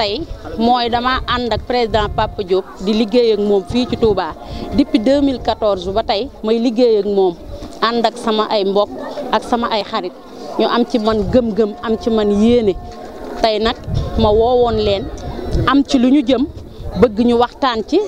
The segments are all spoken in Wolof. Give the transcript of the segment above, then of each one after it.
tey mooy dama ànd ak président Papa Diop di liggéey moom fii ci Touba depuis 2014 ba tey may liggéey ak moom ànd ak sama ay mbokk ak sama ay xarit ñu am ci man gëm-gëm am ci man yéene tey nag ma woowoon leen am ci lu ñu jëm. bëgg ñu waxtaan ci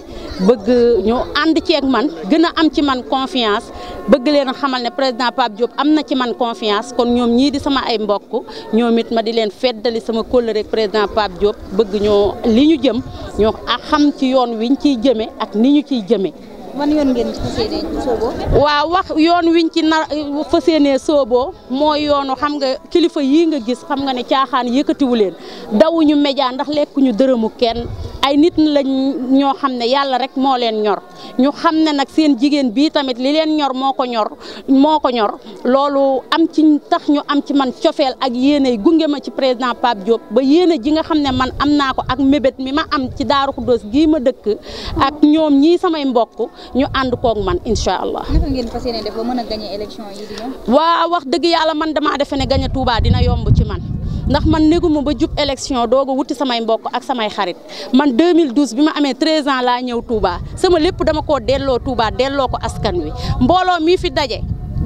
bëgg ñu ànd ceeg man gën a am ci man confiance bëgg leen xamal ne président Pape Diop am na ci man confiance kon ñoom ñii di sama ay mbokk ñoom it ma di leen feddali sama kóllëre président Pape Diop bëgg ñoo li ñu jëm ñoo xam ci yoon wiñ ci jëme ak ni ñu ciy jëme man wax yoon wiñ ci nar fas yéenee sooboo mooy yoonu xam nga kilifa yii nga gis xam nga ne caaxaan yëkkatiwu leen dawuñu média ndax lekkuñu dërëmu kenn. ay nit lañ ñoo xam ne yàlla rek moo leen ñor ñu xam ne nag seen jigéen bii tamit li leen ñor moo ko ñor moo ko ñor loolu am ci tax ñu am ci man cofeel ak yéene gunge ma ci président Pape Diop ba yéene ji nga xam ne man am naa ko ak mébét mi ma am ci Daaru Xuddoos gii ma dëkk ak ñoom ñii samay mbokk ñu ànd kook man incha allah. naka ngeen fas yéene def ba mën a gagné élection yi di ñëw. wax dëgg yàlla man damaa defe ne gagné Touba dina yomb ci man. ndax man néguma ba jub élection doo a wuti samay mbokk ak samay xarit man 2012 bi ma amee 13 ans laa ñëw Touba sama lépp dama koo delloo Touba delloo ko askan wi mbooloo mi fi daje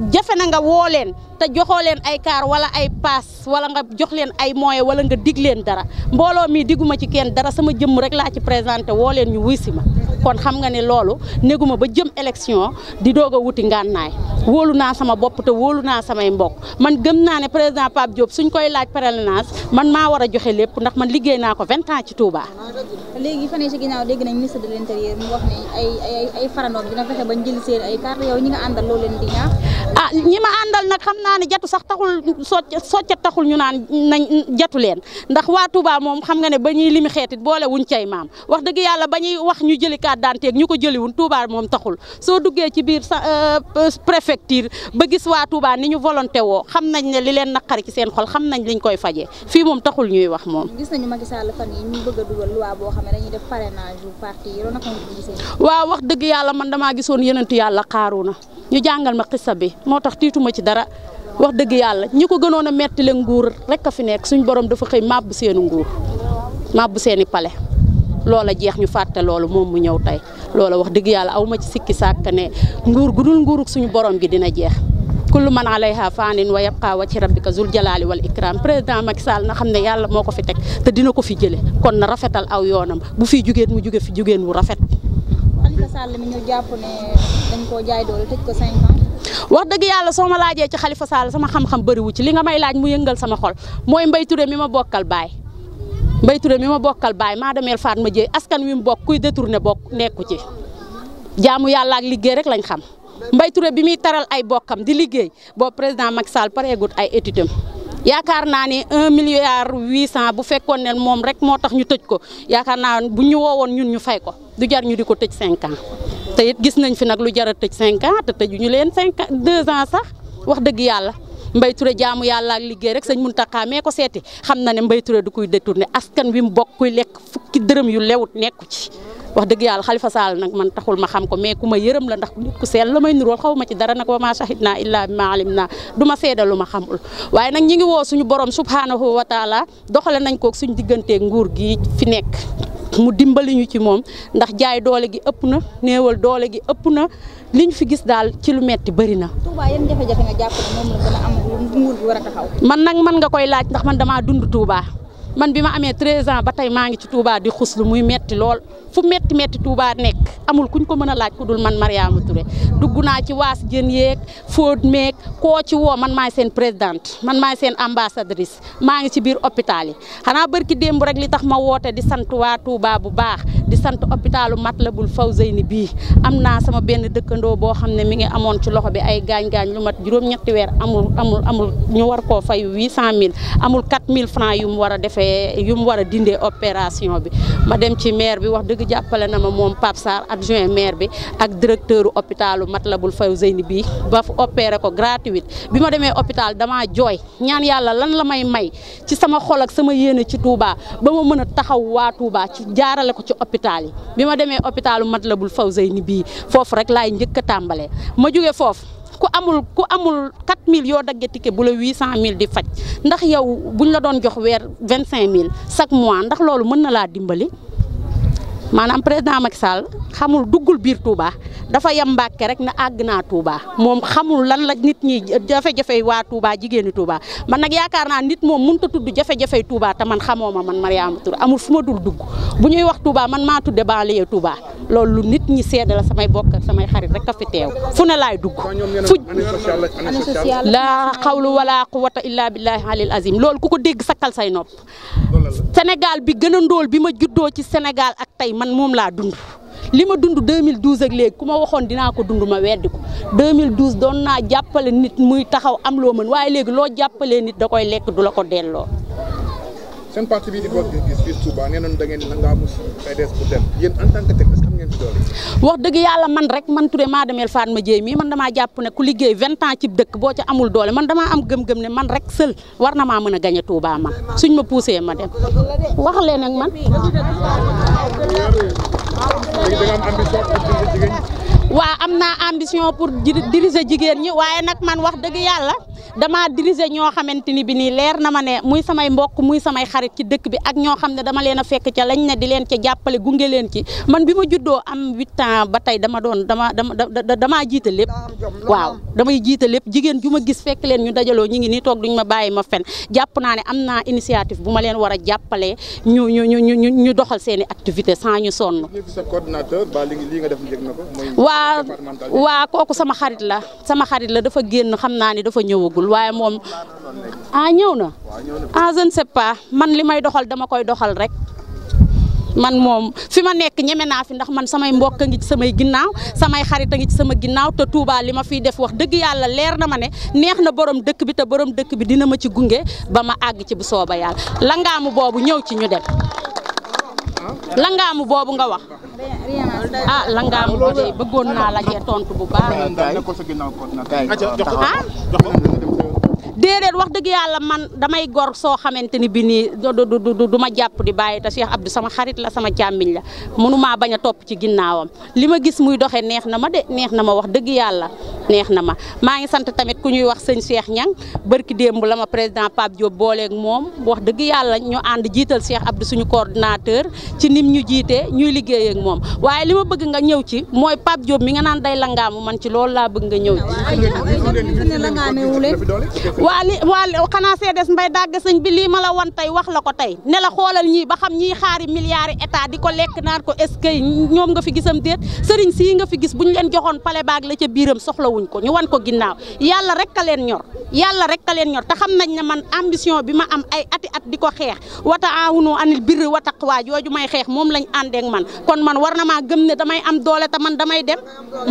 jafe na nga woo leen te joxoo leen ay kaar wala ay paas wala nga jox leen ay moyen wala nga dig leen dara mbooloo mi diguma ci kenn dara sama jëmm rek laa ci présenté woo leen ñu wuy si ma kon xam nga ne loolu néguma ba jëm élection di doog a wuti ngànnaay wóolu naa sama bopp te wóolu naa samay mbokk man gëm naa ne président Pape Diop suñ koy laaj parrainage man maa war a joxe lépp ndax man liggéey naa ko vingt ans ci Touba. léegi fan si ginnaaw dégg nañ ministre de l'intérieur mu wax ne ñi nga àndal loo di ñaax. ah ñi ma àndal nag xam naa ne jatu sax taxul socc socc taxul ñu naan nañ jatu leen ndax waa Touba moom xam nga ne ba ñuy limi xeetit boole wuñ cay maam wax dëgg yàlla ba ñuy wax ñu jëlee jëli carte d'identité ñu ko jëliwun Touba moom taxul soo duggee ci biir euh, préfecture ba gis waa Touba ni ñu volonté woo xam nañ ne li leen naqari ci seen xol xam nañ liñ koy fajee fii moom taxul ñuy wax moom. gis nañu Macky Sall fan a dugal waaw wax dëgg yàlla man damaa gisoon yenentu yàlla xaaru na ñu jàngal ma xissa bi moo tax tiituma ci dara wax dëgg yàlla ñu ko gënoon a metti leen nguur rek a fi nekk suñ borom dafa xëy màbb seenu nguur màbb seeni pale loola jeex ñu fàtte loolu moom mu ñëw tey loola wax dëgg yàlla aw ma ci sikki sàkk ne nguur gu dul nguurug suñu borom gi dina jeex kullu man alayha faanin wa yabqa wajhi rabbika zul jalaali wal ikram président Macky Sall na xam ne yàlla moo ko fi teg te dina ko fi jële kon na rafetal aw yoonam bu fi jugéen mu juge fi jugéen wu rafet Khalifa wax dëgg yàlla soo ma laajee ci xalifa Sall sama xam-xam bëriwu ci li nga may laaj mu yëngal sama xol mooy mbayture mi ma bokkal baay Mbaye Touré mi ma bokkal baay maa demeel faat ma jee askan wi mu bokk kuy détourné bokk nekku ci jaamu yàlla ak liggéey rek lañ xam Mbaye Touré bi muy taral ay bokkam di liggéey boobu président Macky Sall pareegut ay études yaakaar naa ni un milliard huit cent bu fekkoon ne moom rek moo tax ñu tëj ko yaakaar naa bu ñu woowoon ñun ñu fay ko du jar ñu di ko tëj cinq ans te it gis nañ fi nag lu jar a tëj cinq ans te tëjuñu leen cinq ans deux ans sax wax dëgg yàlla. mbayture Touré jaamu yàlla ak liggéey rek sëñ Mountakha mee ko seeti xam na ne Mbaye Touré du kuy détourné askan wi mu bokk kuy lekk fukki dërëm yu lewut nekku ci wax dëgg yàlla xalifa Sall nag man taxul ma xam ko mais ku ma yërëm la ndax nit ku seel la may nurool xaw ma ci dara nag ma saxit na illaa bi na alim du ma seeda lu ma xamul waaye nag ñi ngi woo suñu borom subhanahu wa taala doxale nañ koog suñu digganteeg nguur gi fi nekk mu dimbali ñu ci moom ndax jaay doole gi ëpp na néewal doole gi ëpp na li ñu fi gis daal ci lu metti bëri na. Touba yan jafe-jafe nga man nag man nga koy laaj ndax man damaa dund Touba. man bi ma amee 13 ans ba tey maa ngi ci Touba di xuslu muy metti lool fu metti metti Touba nekk amul kuñ ko mën a laaj ku dul man Mariama Touré dugg naa ci waas jën yeeg fóot meeg koo ci woo man maay seen présidente man maay seen ambassadrice maa ngi ci biir hopital yi xanaa barki démb rek li tax ma woote di sant waa Touba bu baax di sant hôpitalu Matlaboul Fawzeyni bii am naa sama benn dëkkandoo boo xam ne mi ngi amoon ci loxo bi ay gaañ lu mat juróom weer amul amul amul ñu war koo fay 800000 amul 4000 francs yu mu war a defee créer yu mu war a dindee opération bi ma dem ci maire bi wax dëgg jàppale na ma moom Pape Sarr adjoint maire bi ak directeur hôpitalu Matlaboul Fawzeyni bi ba fu opéré ko gratuite bi ma demee hôpital damaa jooy ñaan yàlla lan la may may ci sama xol ak sama yéene ci Touba ba ma mën a taxaw waa Touba ci jaarale ko ci hôpital yi bi ma demee hôpitalu Matlaboul Fawzeyni bi foofu rek lay njëkk a tàmbalee ma jóge foofu ku amul ku amul 4000 yoo daggee ticket bu la mille di faj ndax yow ñu la doon jox weer vingt cinq mille chaque mois ndax loolu mën na laa dimbali maanaam président Macky Sall xamul duggul biir Touba dafa yem Mbàkke rek na àgg naa Touba moom xamul lan la nit ñi jafe-jafey waa Touba jigéeni Touba man nag yaakaar naa nit moom mënut a tudd jafe-jafey Touba te man xamoo ma man Mariama Touré amul fu ma dul dugg bu ñuy wax Touba man maa tudde banlieue Touba loolu nit ñi seede la samay bokk samay xarit rek a fi teew fu ne laay dugg fu laa xawlu wala quwata illaa billahi alil azim loolu ku ko dégg sakkal say nopp senegal bi gën a ndóol bi ma juddoo ci Sénégal ak tey man moom laa dund li ma dund 2012 ak léegi ku ma waxoon dinaa ko dund ma weddi ko 2012 doon naa jàppale nit muy taxaw am loo mën waaye léegi loo jàppalee nit da koy lekk du la ko delloo. seen parti bi di bokk gis-gis Touba nee nañ da ngeen nangaa mus PDS bu dem ngeen wax dëgg yàlla man rek man Touré maa demeel Fatma Dieye mii man damaa jàpp ne ku liggéey vingt ans ci dëkk boo ci amul doole man dama am gëm-gëm ne man rek seul war na maa mën a gañe Touba man suñ ma poussé ma dem wax leen ak man waa am naa ambition pour diriger jigéen ñi waaye nag man wax dëgg yàlla damaa diriger ñoo xamante ni bi nii leer na ma ne muy samay mbokk muy samay xarit ci dëkk bi ak ñoo xam ne dama leen a fekk ca lañ ne di leen ca jàppale gunge leen ci man bi ma juddoo am huit ans ba tey dama doon dama dama damaa jiite lépp waaw damay jiite lépp jigéen ju ma gis fekk leen ñu dajaloo ñu ngi nii toog duñ ma bàyyi ma fen jàpp naa ne am naa initiative bu ma leen war a jàppalee ñu ñu ñu ñu ñu doxal seeni activité sans ñu sonn waa waa kooku sama xarit la sama xarit la dafa génn xam naa ne dafa ñëw ñëwagul waaye moom ah ñëw na ah je ne pas man li may doxal dama koy doxal rek man moom fi ma nekk ñeme naa fi ndax man samay mbokk a ngi ci samay ginnaaw samay xarit a ngi ci sama ginnaaw te Touba li ma fiy def wax dëgg yàlla leer na ma ne neex na borom dëkk bi te borom dëkk bi dina ma ci gunge ba ma àgg ci bu sooba yàlla langaamu boobu ñëw ci ñu dem langaamu boobu nga wax ah langaamu boobu bëggoon naa la cee tontu bu baax. déedéet wax dëgg yàlla man damay gor soo xamante ni bi nii du du ma jàpp di bàyyi te Cheikh Abdou sama xarit la sama càmmiñ la mënumaa bañ a topp ci ginnaawam li ma gis muy doxee neex na ma de neex na ma wax dëgg yàlla neex na ma maa ngi sant tamit ku ñuy wax sëñ Cheikh ñan bërki démb la ma président Pape Diop booleek moom wax dëgg yàlla ñu ànd jiital Cheikh Abdou suñu coordinateur ci nit ñu jiite ñuy liggéeyeek moom waaye li ma bëgg nga ñëw ci mooy Pape Diop mi nga naan day langaamu man ci loolu laa bëgg nga ñëw waa li waa xanaa seedes mbay dàgg sëñ bi lii ma la wan tey wax la ko tey ne la xoolal ñii ba xam ñii xaari milliards état di ko lekk naan ko est-ce que ñoom nga fi gisam déet sëriñ sii nga fi gis bu ñu leen joxoon pale baag la ca biiram soxlawuñ ko ñu wan ko ginnaaw yàlla rek ka leen ñor yàlla rek ka leen ñor te xam nañ ne man ambition bi ma am ay ati at di ko xeex wata aawunu anil birri wa taqwa jooju may xeex moom lañ àndeek man kon man war na maa gëm ne damay am doole te man damay dem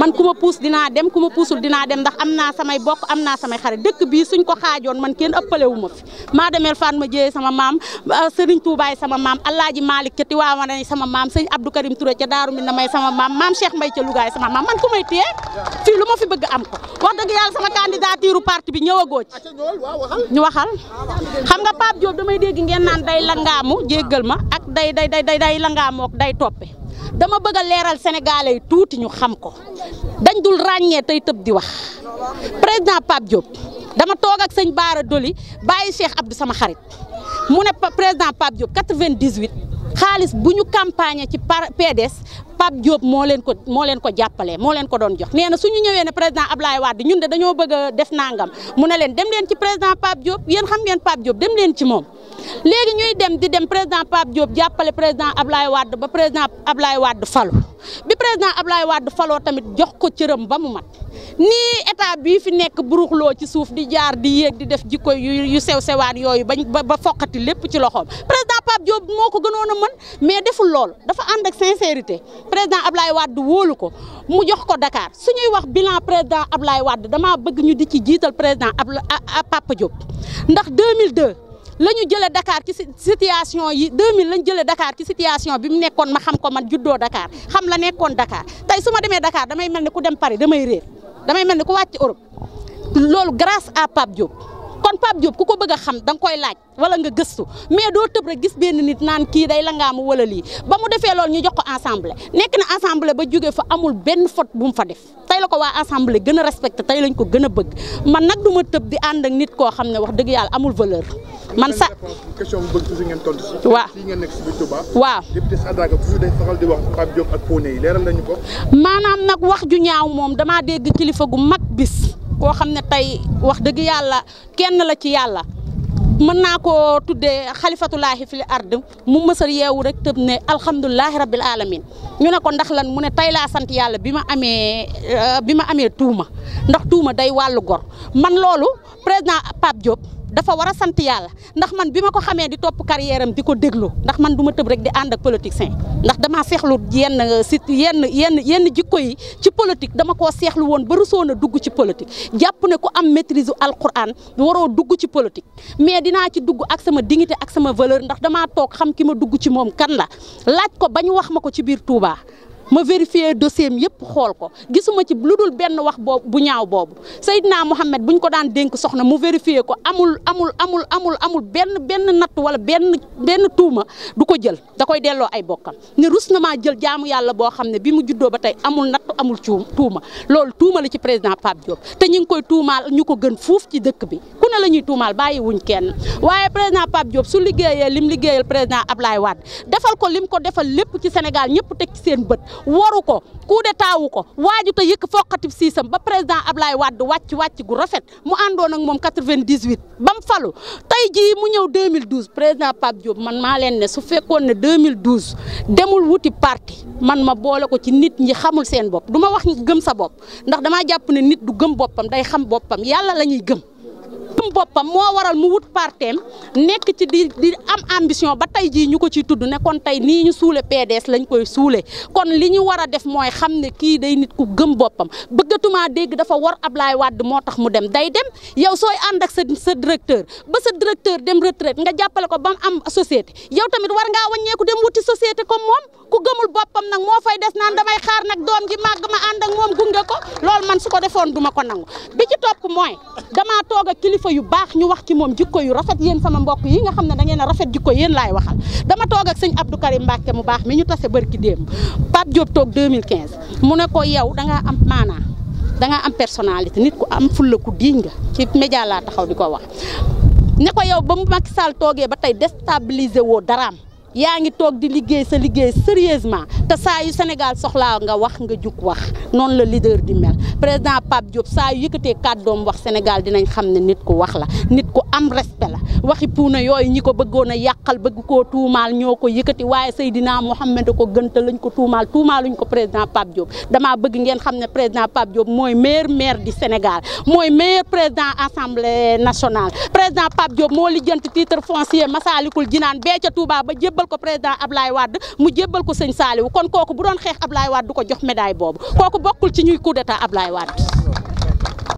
man ku ma puus dinaa dem ku ma puusul dinaa dem ndax am naa samay bokk am naa samay xarit dëkk bii suñ ko xaajoon man kenn ëppale wu ma fi maa demeel Fatma Dieye sama maam uh, Serigne Touba sama maam Alaaji Malick ca Tiwaawan sama maam sëñ Abdou Karim Touré ca Daaru Minam may sama maam maam Cheikh Mbaye ca Louga sama maam man ku may téye fii lu ma fi bëgg am ko wax dëgg yàlla sama candidature parti bi ñëwagoo ci ñu waxal xam nga Pape Diop damay dégg ngeen naan day langaamu jéggal ma ak day day day day langaamook day toppe dama bëgg a leeral sénégalais yi tuuti ñu xam ko dañ dul ràññee tey tëb di wax président Pape Diop dama toog ak sëñ Baara Doli bàyyi Cheikh Abdou sama xarit mu ne président Pape Diop 98 xaalis bu ñu campagne ci PDS Pape Diop moo leen ko moo leen ko jàppale moo leen ko doon jox nee su ñu ñëwee ne président Ablaye Wade ñun de dañoo bëgg a def nangam mu ne leen dem leen ci président Pape Diop yéen xam ngeen Pape Diop dem leen ci moom. léegi ñuy dem di dem président Pape Diop jàppale président Ablaye Wade ba président Ablaye Wade falo bi président Ablaye Wade falo tamit jox ko cëram ba mu mat nii état bii fi nekk buruxloo ci suuf di jaar di yéeg di def jikko yu sew sewaat yooyu bañ ba foqati lépp ci loxoom président Pape Diop moo ko gënoon a mën mais deful lool dafa ànd ak sincérité président Ablaye Wade wóolu ko mu jox ko Dakar suñuy wax bilan président Ablaye Wade damaa bëgg ñu di ci jiital président Abla Pape Diop ndax 2002. la ñu jëlee Dakar ci situation yi 2000 la ñu jëlee dakaar ci situation bi mu nekkoon ma xam ko man juddoo dakaar xam la nekkoon Dakar tey su ma demee Dakar damay mel ni ku dem Paris damay réer damay mel ni ku wàcc Europe loolu grâce à Pape Diop. kon Pape Diop ku ko bëgg a xam da nga koy laaj wala nga gëstu mais doo tëb rek gis benn nit naan kii day langaamu wala lii ba mu defee loolu ñu jox ko assemblée nekk na assemblée ba jógee fa amul benn faute bu mu fa def tey la ko waa assemblée gën a respecté tey lañ ko gën a bëgg man nag du ma tëb di ànd ak nit koo xam ne wax dëgg yàlla amul valeur. man sa question bu bëgg si ngeen tontu si. waaw fii ngeen nekk si biir Touba. waaw député Sadaga toujours day faral di wax Pape Diop ak Pone yi leeral nañu ko. maanaam nag wax ju ñaaw moom damaa dégg kilifa gu mag bis. koo xam ne tey wax dëgg yàlla kenn la ci yàlla mën naa ko tuddee xalifatulaahi fil ard mu mësal yeewu rek tëb ne alhamdulilahi rabbil alamin ñu ne ko ndax lan mu ne tey laa sant yàlla bi ma amee bi ma amee tuuma ndax tuuma day wàllu gor man loolu président Pape Diop dafa war a sant yàlla ndax man bi ma ko xamee di topp carrière di ko déglu ndax man du ma tëb rek di ànd ak politicien ndax damaa seexlu yenn euh, si yenn yenn yenn jikko yi ci politique dama koo seexlu woon ba rusoon a dugg ci politique jàpp ne ku am maîtrise u alquran waroo dugg ci politique mais dinaa ci dugg ak sama dignité ak sama valeur ndax damaa toog xam ki ma dugg ci moom kan la laaj ko ba ñu wax ma ko ci biir tuubaa ma vérifier dossier am yëpp xool ko gisuma ci lu dul benn wax boobu bu ñaaw boobu Seydina Mohamed bu ñu ko daan dénk soxna mu vérifier ko amul amul amul amul amul benn benn natt wala benn benn tuuma du ko jël da koy delloo ay bokkam ne rus na maa jël jaamu yàlla boo xam ne bi mu juddoo ba tey amul natt amul tuuma loolu tuuma la ci président Pape Diop te ñu ngi koy tuumaal ñu ko gën fuuf ci dëkk bi ku ne la ñuy tuumaal bàyyi wuñ kenn waaye président Pape Diop su liggéeyee lim liggéeyal président Ablaye Wade defal ko lim ko defal lépp ci Sénégal ñëpp teg ci seen bët waru ko coup d'état wu ko waajuta yëkk foqatib siisam ba président Ablaye Wade wàcc wàcc gu rafet mu àndoon ak moom 98 ba mu falu tey jii mu ñëw 2012 président Pape Diop man maa leen ne su fekkoon ne 2012 demul wuti parti man ma boole ko ci nit ñi xamul seen bopp duma ma wax gëm sa bopp ndax damaa jàpp ne nit du gëm boppam day xam boppam yàlla la ñuy gëm. gëm boppam moo waral mu wut parteem nekk ci di di am ambition ba tey jii ñu ko ciy tudd ne kon tey nii ñu suule PDS lañ koy suule kon li ñu war a def mooy xam ne kii day nit ku gëm boppam bëggatuma dégg dafa war Ablaye Wade moo tax mu dem day dem yow sooy ànd ak sa sa directeur ba sa directeur dem retraite nga jàppale ko ba mu am société yow tamit war ngaa wàññeeku dem wuti société ko moom ku gëmul boppam nag moo fay des naan damay xaar nag doom ji màgg ma ànd ak moom gunge ko loolu man su ko defoon duma ko nangu yu baax ñu wax ki moom jikko yu rafet yéen sama mbokk yi nga xam ne da ngeen a rafet jikko yéen laay waxal dama toog ak sëñ Abdou Karim Mbacke mu baax mi ñu tase bërki démb Pape Diop toog 2015 mu ne ko yow da ngaa am maanaa danga am personnalité nit ku am fulla ku diiñ nga ci média la taxaw di ko wax ne ko yow ba mu Macky Sall toogee ba tey déstabiliser woo daraam yaa ngi toog di liggéey sa liggéey sérieusement te saa yu Sénégal soxlaa nga wax nga jug wax noonu la leader di mel président Pape Diop saa yu yëkkatee kàddoom wax Sénégal dinañ xam ne nit ku wax la nit ku am respect la waxi puuna yooyu ñi ko bëggoon a yàqal bëgg koo tuumaal ñoo ko yëkkati waaye Seydina Mohamed ko gënta lañ ko tuumaal tuumaaluñ ko président Pape Diop damaa bëgg ngeen xam ne président Pape Diop mooy maire maire du Sénégal mooy meilleur président assemblée nationale président Pape Diop moo lijjanti ko président ab Ablaye wadd mu jébbal ko sëñ Saliou kon kooku bu doon xeex Ablaye Wade du ko jox médaille boobu kooku bokkul ci ñuy coup d'état Ablaye Wade